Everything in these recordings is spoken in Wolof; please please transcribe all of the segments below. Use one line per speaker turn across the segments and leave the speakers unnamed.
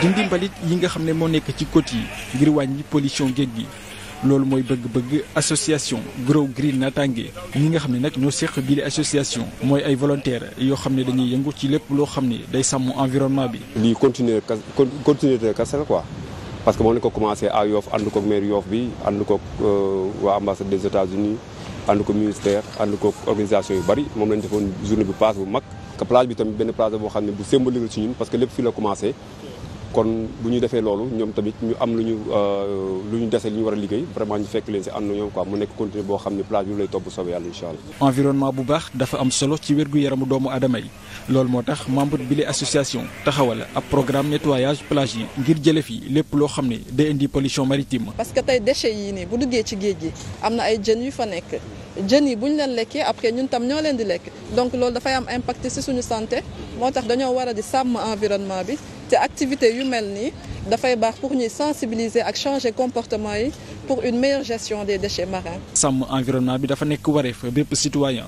dindi mbalit yi nga xam ne moo nekk ci côte yi ngir wàññi pollution géej gi loolu mooy bëgg-bëgg association Grow Green Natangué ñi nga xam ne nag ñoo seq bii association mooy ay volontaire yoo xam ne dañuy yëngu ci lépp loo xam ne day sàmm environnement bi.
lii continuer continuer de kese la quoi parce que moom la ko commencé à Yoff ànd koog maire Yoff bi ànd ko euh, waa ambassade des États-Unis ànd ko ministère ko koog organisation yu bari moom lañ defoon journée bi paase bu mag. que benn plage boo xam ne bu symbolique ci ñun parce que lépp fii commencé. kon bu ñu defee loolu ñoom tamit ñu am lu ñu euh, lu ñu dese li ñu war a liggéey vraiment ñu fekk leen si am na ñoom quoi mu nekk continuer boo xam ni plage bi lay topp soobee yàlla incha allah.
environnement bu baax dafa am solo ci wérgu yaramu doomu aadama yi lool moo tax membre bi la association taxawala ab programme nettoyage plage yi ngir jële fi lépp loo xam ne day indi pollution maritime.
parce que tey déchets yii nii bu duggee ci géej gi am na ay jën yu fa nekk jën yi bu ñu leen lekkee après ñun tam ñoo leen di lekk donc loolu dafay am impact si suñu santé moo tax dañoo war a di sàmm environnement bi te activité yu mel nii dafay baax pour ñuy sensibiliser ak changer comportement yi pour une meilleure gestion des déchets marins.
sàmm environnement bi dafa nekk wareef bépp citoyen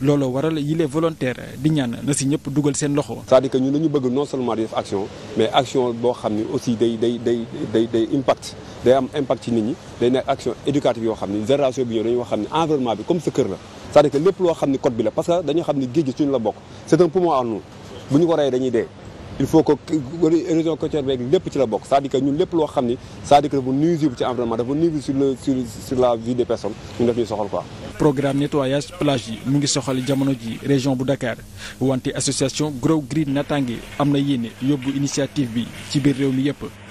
looloo waral yile volontaire di ñan na si ñëpp dugal seen loxo.
c'est-à-dire que ñun dañu bëgg non seulement di def action mais action boo xam ni aussi day day day day day impact day am impact ci nit ñi day nekk action éducative yoo xam ni génération bi ñëw dañoo xam ne environnement bi comme sa kër la c'est-à-dire que lépp loo ni code bi la parce que dañoo xam ni géej il faut que région côtière beeg lépp ci la bokk c'est-à-dire que ñun lépp loo xam ni c'est-à-dire que dafa nuisible ci sur la vie des personnes ñun daf ñuy soxal quoi.
programme nettoyage plage yi mu ngi soxal jamono ji région bu Dakar wante association Grow Green Natangué am na yéene yóbbu initiative bi ci biir réew mi yëpp.